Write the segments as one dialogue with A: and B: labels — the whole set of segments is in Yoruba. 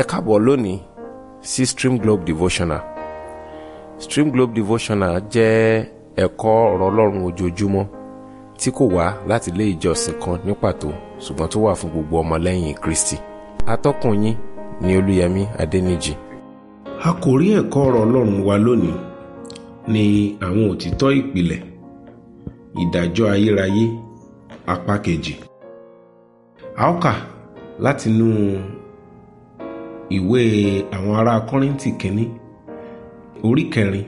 A: ẹ káàbọ̀ lónìí sí Stream Globe Devotional Stream Globe Devotional jẹ́ ẹ̀kọ́ ọ̀rọ̀ ọlọ́run ojoojúmọ́ tí kò wá láti ilé ìjọsìn kan ní pàtó ṣùgbọ́n tó wà fún gbogbo ọmọlẹ́yìn Kristi atọ́kùn yín ni Olúyẹmí Adẹ́nìjì. àkòrí ẹ̀kọ́ ọ̀rọ̀ ọlọ́run wa lónìí ni àwọn òtítọ́ ìpìlẹ̀ ìdájọ́ ayérayé apá kejì a ó kà látinú ìwé àwọn ará kọ́rìntì kínní orí kẹrin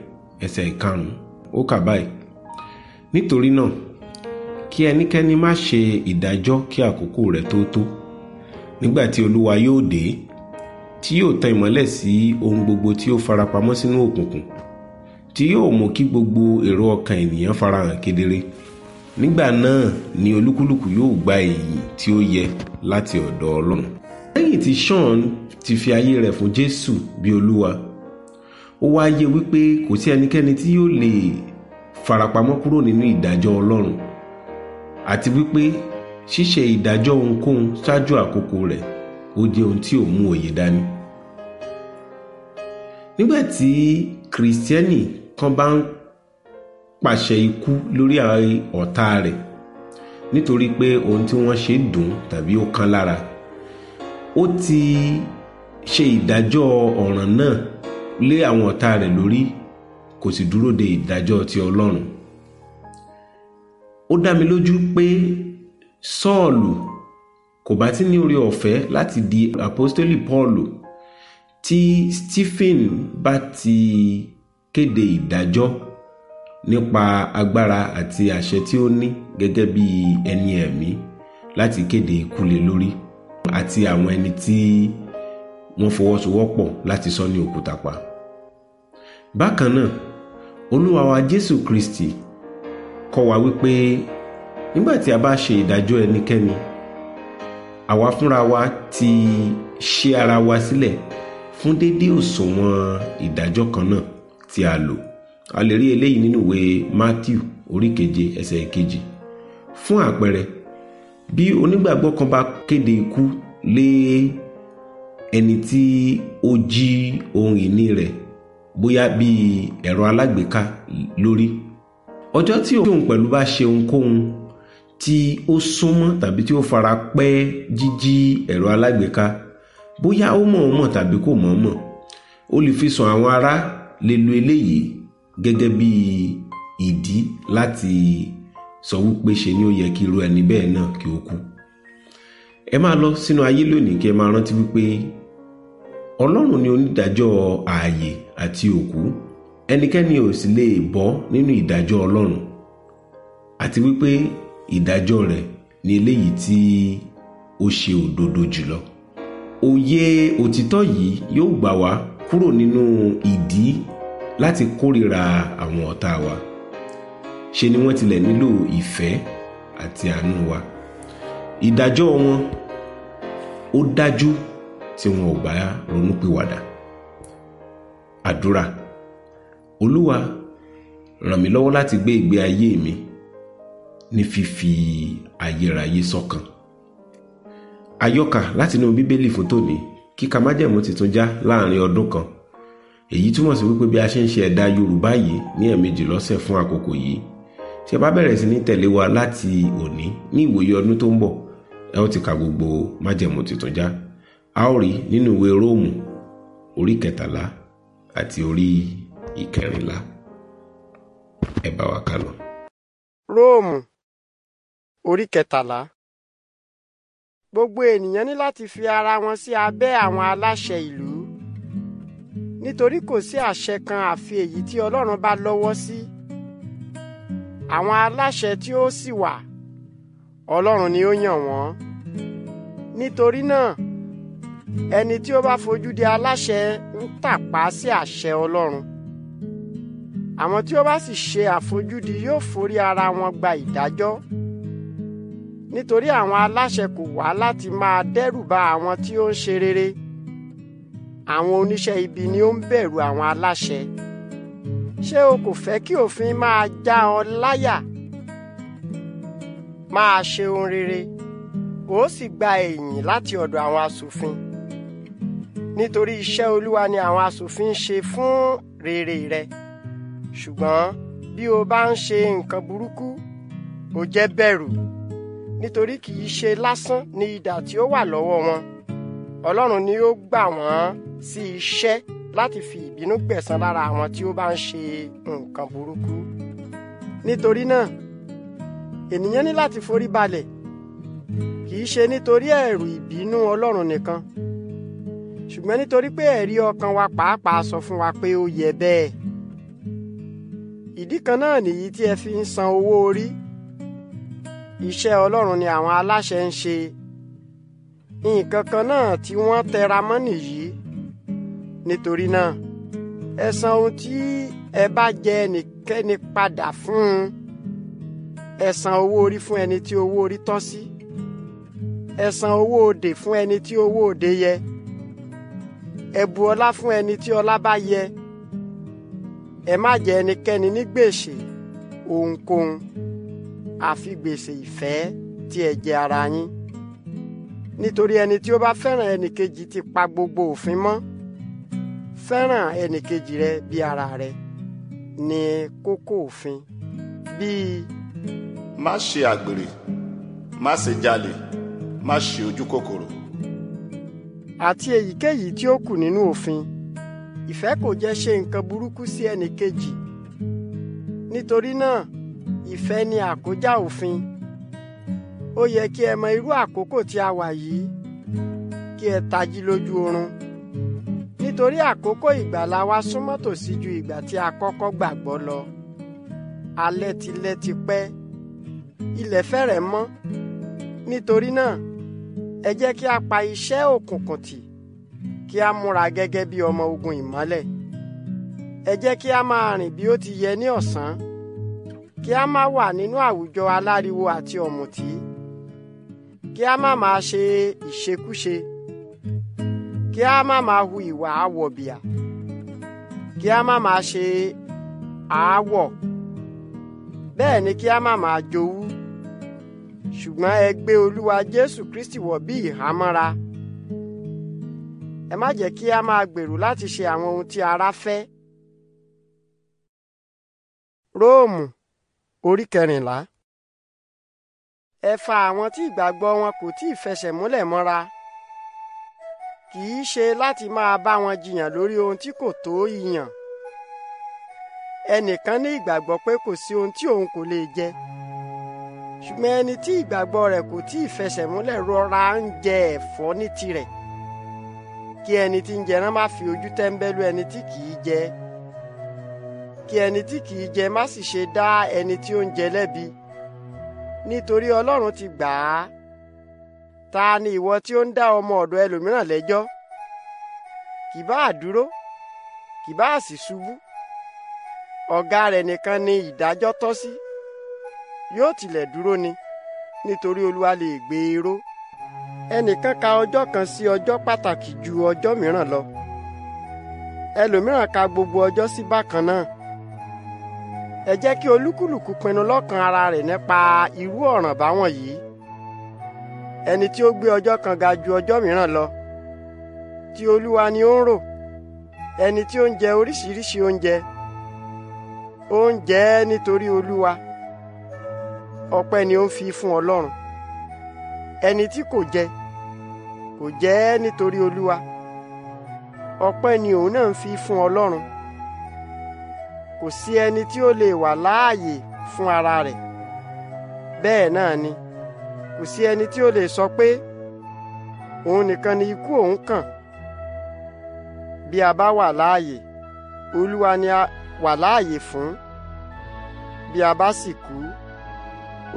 A: ẹsẹ̀ ìkarùn-ún ó kà báyìí nítorí náà kí ẹnikẹ́ni má ṣe ìdájọ́ kí àkókò rẹ̀ tó tó nígbà tí olúwa yóò dé tí yóò tan ìmọ́lẹ̀ sí ohun gbogbo tí ó farapamọ́ sínú òkùnkùn tí yóò mú kí gbogbo èrò ọkàn ènìyàn farahàn kedere nígbà náà ni olúkúlùkù yóò gba èyí tí ó yẹ láti ọ̀dọ̀ ọlọ́run lẹ́yìn tí Sean ti fi ayé rẹ̀ fún Jésù bí olúwa ó wá yé wípé kò sí ẹnikẹ́ni tí yóò lè farapamọ́ kúrò nínú ìdájọ́ Ọlọ́run àti wípé ṣíṣe ìdájọ́ ohunkóhun ṣáájú àkókò rẹ̀ ó jẹ́ ohun tí ò mú òye dání. nígbà tí kìrìsìtẹ́nì kan bá ń pàṣẹ ikú lórí ọ̀tá rẹ̀ nítorí pé ohun tí wọ́n ṣe dùn tàbí ó kán lára ó ti ṣe ìdájọ́ ọ̀ràn náà lé àwọn ọ̀tá rẹ̀ lórí kò sì dúró de ìdájọ́ ti ọlọ́run ó dá mi lójú pé sọ́ọ̀lù kò bá ti ní oore ọ̀fẹ́ láti di apostoli paulu tí stephen bá ti kéde ìdájọ́ nípa agbára àti àṣẹ tí ó ní gẹ́gẹ́ bí ẹni ẹ̀mí láti kéde ikú lé lórí àti àwọn ẹni tí wọ́n fọwọ́sowọ́pọ̀ láti sọ ní òkúta pa. bákan náà olúwa wa jésù kristi kọ́ wa wípé nígbà tí a bá ṣe ìdájọ́ ẹnikẹ́ni àwa fúnra wa ti ṣe ara wa sílẹ̀ fún déédéé òṣùwọ̀n ìdájọ́ kan náà tí a lò a lè rí eléyìí nínú ìwé matthew orí keje ẹsẹ̀ kejì fún àpẹẹrẹ bí onígbàgbọ́ kan bá kéde ikú lé ẹni tí ó jí ohun ìní rẹ̀ bóyá bíi ẹ̀rọ alágbèéká lórí ọjọ́ tí òun pẹ̀lú bá ṣe ohunkóhun tí ó súnmọ́ tàbí tí ó fara pẹ́ jíjí ẹ̀rọ alágbèéká bóyá ó mọ̀ọ́mọ̀ tàbí kò mọ̀ọ́mọ̀ ó lè fi sùn àwọn ará lè lo eléyìí gẹ́gẹ́ bí ìdí láti sọ wípé ṣe ni ó yẹ kí irú ẹni bẹ́ẹ̀ náà kí ó kú ẹ máa lọ sínú ayé lónìí kí ẹ máa rántí wípé ọlọ́run ni onídàájọ́ ààyè àti òkú ẹnikẹ́ni ò sì lè bọ́ nínú ìdájọ́ ọlọ́run àti wípé ìdájọ́ rẹ̀ ni eléyìí tí ó ṣe òdodo jùlọ òye òtítọ́ yìí yóò gbà wá kúrò nínú ìdí láti kórìíra àwọn ọ̀tá wa ṣe ni wọ́n tilẹ̀ nílò ìfẹ́ àti àánú wa ìdájọ́ wọn ó dájú tí wọn ò bá ronúpìwàdà àdúrà olúwa ràn mí lọ́wọ́ láti gbé ìgbé ayé mi ní fífi ayérayé sọ́kàn àyọkà látinú bíbélì fún tòní kíka májẹ̀mú tuntun já láàrin ọdún kan èyí túmọ̀ sí wípé bí a ṣe ń ṣe ẹ̀dà yorùbá yìí ní ẹ̀ẹ̀mejì lọ́sẹ̀ fún àkókò yìí tí ẹ bá bẹ̀rẹ̀ sí ní tẹ̀lé wa láti òní ní ìwòye ọdún tó ń bọ̀ ẹ ó ti ka gbogbo májẹ̀mú tuntun já a ó rí nínú ìwé róòmù orí kẹtàlá àti orí ìkẹrìnlá ẹ
B: bá wa kálọ. róòmù orí kẹtàlá gbogbo ènìyàn ní láti fi ara wọn sí abẹ́ àwọn aláṣẹ ìlú nítorí kò sí àṣẹ kan àfi èyí tí ọlọ́run bá lọ́wọ́ sí. Si àwọn aláṣẹ tí ó sì wà ọlọ́run ni ó yàn wọ́n nítorí náà ẹni tí ó bá fojú di aláṣẹ ń tàpá sí àṣẹ ọlọ́run àwọn tí ó bá sì ṣe àfojúdi yóò forí ara wọn gba ìdájọ́ nítorí àwọn aláṣẹ kò wá láti máa dẹ́rù ba àwọn tí ó ń ṣe rere àwọn oníṣẹ́ ibi ni ó ń bẹ̀rù àwọn aláṣẹ ṣé o kò fẹ́ kí òfin máa já ọ láyà máa ṣe ohun rere ó sì gba èyìn láti ọ̀dọ̀ àwọn aṣòfin nítorí iṣẹ́ olúwa ni àwọn aṣòfin ṣe fún rere rẹ ṣùgbọ́n bí o bá ń ṣe nǹkan burúkú o jẹ́ bẹ̀rù nítorí kì í ṣe lásán ni idà tí ó wà lọ́wọ́ wọn ọlọ́run ni ó gbà wọ́n sí iṣẹ́ láti fi ìbínú gbẹ̀san lára àwọn tí ó bá ń ṣe nǹkan burúkú. nítorí náà ènìyàn ní láti forí balẹ̀ kì í ṣe nítorí ẹ̀rù ìbínú Ọlọ́run nìkan ṣùgbọ́n nítorí pé ẹ̀rí ọkàn wa pàápàá sọ fún wa pé ó yẹ bẹ́ẹ̀ ìdí kan náà nìyí tí ẹ fi ń san owó orí iṣẹ́ Ọlọ́run ni àwọn aláṣẹ ń ṣe nǹkan kan náà tí wọ́n tẹra mọ́ nìyí nítorí náà ẹ san ohun tí ẹ bá jẹ ẹnikẹ́ni padà fún un ẹ san owó orí fún ẹni tí owó orí tọ́ sí ẹ san owó òde fún ẹni tí owó òde yẹ ẹ bu ọlá fún ẹni tí ọlá bá yẹ ẹ má jẹ ẹnikẹ́ni ní gbèsè ohunkóhun àfi gbèsè ìfẹ́ tí ẹ jẹ ara yín nítorí ẹni tí ó bá fẹ́ràn ẹnìkejì ti pa gbogbo òfin mọ́ fẹ́ràn ẹnìkejì rẹ bí ara rẹ ni kókó òfin bíi. má ṣe àgbèrè
A: má ṣe jalè má ṣe ojú kòkòrò.
B: àti èyíkéyìí tí ó kù nínú òfin ìfẹ́ kò jẹ́ ṣe nǹkan burúkú sí ẹnìkejì nítorí náà ìfẹ́ ni àkójá òfin ó yẹ kí ẹ mọ irú àkókò tí a wà yìí kí ẹ tají lójú oorun nítorí àkókò ìgbàlà wa súnmọ́ tòsí ju ìgbà tí a kọ́kọ́ gbàgbọ́ lọ. alẹ́ tilẹ̀ ti pẹ́ ilẹ̀ fẹ́rẹ̀ mọ́ nítorí náà ẹ jẹ́ kí a pa iṣẹ́ òkùnkùn tì kí a múra gẹ́gẹ́ bí ọmọ ogun ìmọ́lẹ̀ ẹ jẹ́ kí a máa rìn bí ó ti yẹ ní ọ̀sán kí a má wà nínú àwùjọ aláriwo àti ọ̀mùtí kí a má máa ṣe ìṣekúṣe kí a má máa hu ìwà àwọ̀bìà kí a má máa ṣe àáwọ̀ bẹ́ẹ̀ ni kí a má máa jowú ṣùgbọ́n ẹ gbé olúwa jésù kristi wọ̀ bí ìhámọ́ra ẹ má jẹ́ kí a máa gbèrò láti ṣe àwọn ohun tí ara fẹ́. róòmù orí kẹrìnlá ẹ fa àwọn tí ìgbàgbọ́ wọn kò tí ì fẹsẹ̀ múlẹ̀ mọ́ra kì í ṣe láti máa bá wọn jiyàn lórí ohun tí kò tó ìyàn ẹnìkan ní ìgbàgbọ́ pé kò sí ohun tí òun kò lè jẹ ṣùgbọ́n ẹni tí ìgbàgbọ́ rẹ̀ kò tí ì fẹsẹ̀ múlẹ̀ rọra ń jẹ ẹ̀fọ́ ní tirẹ̀ kí ẹni tí ń jẹran má fi ojú tẹ́ńbẹ́lú ẹni tí kì í jẹ kí ẹni tí kì í jẹ má sì ṣe dá ẹni tí ó ń jẹ lẹ́bi nítorí Ọlọ́run ti gbà á ta ni ìwọ tí ó ń dá ọmọ ọ̀dọ̀ ẹlòmíràn lẹ́jọ́ kì bá àdúró kì bá sì ṣubú ọ̀gá rẹ̀ nìkan ni ìdájọ́ tọ́ sí yóò tilẹ̀ dúró ni nítorí olúwa lè gbé e ró ẹnìkan ka ọjọ́ kan sí ọjọ́ pàtàkì ju ọjọ́ mìíràn lọ ẹlòmíràn ka gbogbo ọjọ́ sí bákan náà ẹ jẹ́ kí olúkúlùkù pinnu lọ́kàn ara rẹ̀ nípa irú ọ̀ràn báwọn yìí ẹni tí ó gbé ọjọ́ kan ga ju ọjọ́ mìíràn lọ ti olúwa ni ó ń rò ẹni tí ó ń jẹ oríṣiríṣi oúnjẹ ó ń jẹ ẹ́ nítorí olúwa ọpẹ́ ni ó ń fi fún ọlọ́run ẹni tí kò jẹ kò jẹ ẹ́ nítorí olúwa ọpẹ́ ni òun náà ń fi fún ọlọ́run kò sí ẹni tí ó lè wà láàyè fún ara rẹ̀ bẹ́ẹ̀ náà ni. kò sí ẹni tí ó lè sọ pé òun nìkan ni ikú òun kàn bí a bá wà láàyè olúwa ni a wà láàyè fún bí a bá sì kú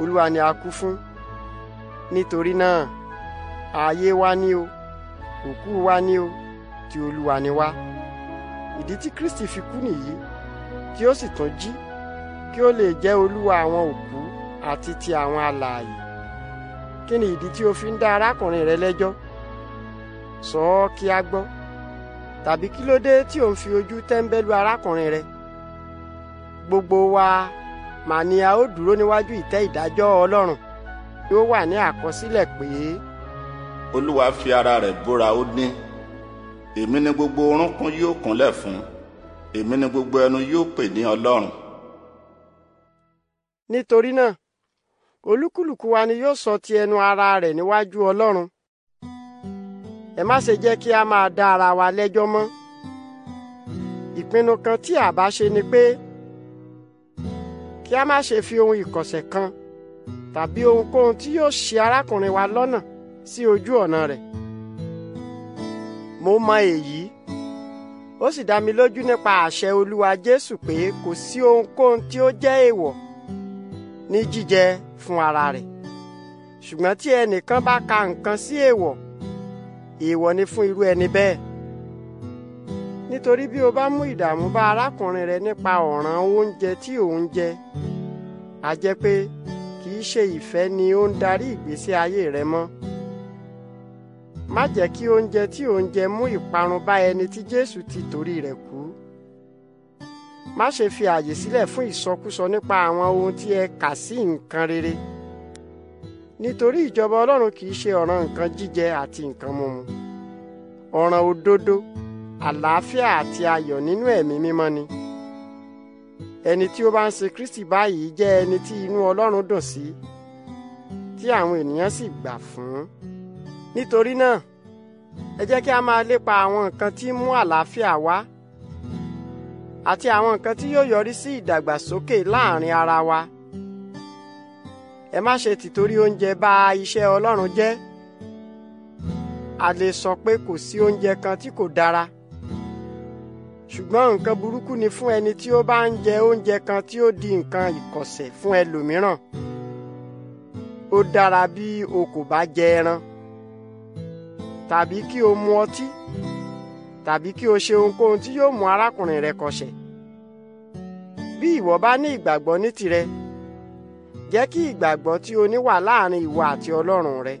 B: olúwa ni a kú fún nítorí náà ààyè wa ni o òkú wa ni o ti olúwa ni wá ìdí tí kristi fi kú nìyí tí ó sì tún jí kí ó lè jẹ́ olúwa àwọn òkú àti ti àwọn alààyè kí ni ìdí tí o fi ń dá arákùnrin rẹ lẹ́jọ́ sọ ọ́ kí a gbọ́ tàbí kí ló dé tí o ń fi ojú tẹ́ńbẹ́lú arákùnrin rẹ gbogbo wa mà ni a ó dúró níwájú ìtẹ́ ìdájọ́ ọlọ́run yóò wà ní àkọsílẹ̀ pé.
A: olúwa fi ara rẹ̀ búra ó ní èmi ni gbogbo orúnkún yóò kúnlẹ̀ fún èmi ni gbogbo ẹnu yóò pè ní ọlọ́run.
B: nítorí náà olúkúlùkù wa ni yóò sọ ti ẹnu ara rẹ̀ níwájú Ọlọ́run ẹ má ṣe jẹ́ kí a máa dá ara wa lẹ́jọ́ mọ́ ìpinnu kan tí a ṣe ni pé kí a má ṣe fi ohun ìkọ̀sẹ̀ kan tàbí ohunkóhun tí yóò ṣe arákùnrin wa lọ́nà sí ojú ọ̀nà rẹ̀ mo mọ èyí ó sì dá mi lójú nípa àṣẹ Olúwa Jésù pé kò sí ohunkóhun tí ó jẹ́ èèwọ̀ ní jíjẹ fún ara rẹ̀ ṣùgbọ́n tí ẹnìkan bá ka nǹkan sí èèwọ̀ èèwọ̀ ni fún irú ẹni bẹ́ẹ̀ nítorí bí o bá mú ìdààmú bá arákùnrin rẹ nípa ọ̀ràn oúnjẹ tí òun jẹ a jẹ́ pé kì í ṣe ìfẹ́ ni ó ń darí ìgbésí ayé rẹ mọ́ má jẹ́ kí oúnjẹ tí òun jẹ mú ìparun bá ẹni tí Jésù ti torí rẹ̀ kú má ṣe fi àyè sílẹ̀ fún ìsọkúsọ nípa àwọn ohun tí ẹ kà sí nǹkan rere nítorí ìjọba ọlọ́run kì í ṣe ọ̀ràn nǹkan jíjẹ àti nǹkan mímu ọ̀ràn òdodo àlàáfíà àti ayọ̀ nínú ẹ̀mí mímọ́ ni ẹni tí ó bá ń ṣe Kristi báyìí jẹ́ ẹni tí inú ọlọ́run dùn sí tí àwọn ènìyàn sì gbà fún nítorí náà ẹ jẹ́ kí a máa lépa àwọn nǹkan tí ń mú àlàáfíà wá àti àwọn nǹkan tí yóò yọrí sí ìdàgbàsókè láàrin ara wa ẹ má ṣe tìtorí oúnjẹ bà iṣẹ́ Ọlọ́run jẹ́ a lè sọ pé kò sí oúnjẹ kan tí kò dára ṣùgbọ́n nǹkan burúkú ni fún ẹni tí ó bá ń jẹ oúnjẹ kan tí ó di nǹkan ìkọ̀sẹ̀ fún ẹlòmíràn ó dára bí o kò bá jẹ ẹran tàbí kí o mu ọtí tàbí kí o ṣe ohunkóhun tí yóò mú arákùnrin rẹ kọsẹ̀ bí ìwọ bá ní ìgbàgbọ́ ní tirẹ̀ jẹ́ kí ìgbàgbọ́ tí o ní wà láàrin ìwọ àti Ọlọ́run rẹ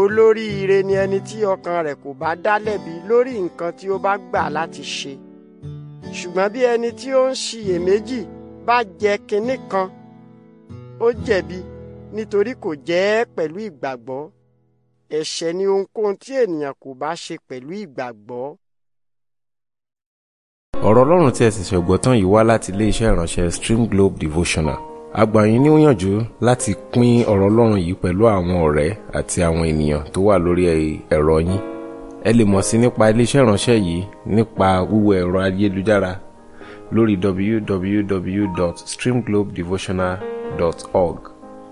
B: olóríire ni ẹni tí ọkàn rẹ̀ kò bá dá lẹ́bi lórí nǹkan tí ó bá gbà láti ṣe ṣùgbọ́n bí ẹni tí ó ń ṣiyèméjì bá jẹ kinní kan ó jẹ̀bi nítorí kò jẹ́ pẹ̀lú ìgbàgbọ́ ẹ̀ṣẹ̀ ni ohunkóhun tí ènìyàn kò bá ṣe pẹ̀lú ìgbàgbọ́.
A: ọ̀rọ̀ ọlọ́run tí ẹ sì ṣẹ̀gbọ́ tán yìí wá láti iléeṣẹ́ ìránṣẹ́ Stream Globe Devotional a ni yín níyànjú láti pín ọ̀rọ̀ ọlọ́run yìí pẹ̀lú àwọn ọ̀rẹ́ àti àwọn ènìyàn tó wà lórí ẹ̀rọ yín ẹ lè mọ̀ sí nípa iléeṣẹ́ ìránṣẹ́ yìí nípa wíwọ ẹ̀rọ ayélujára lórí www.streamglobedevotional.org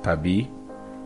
A: tàbí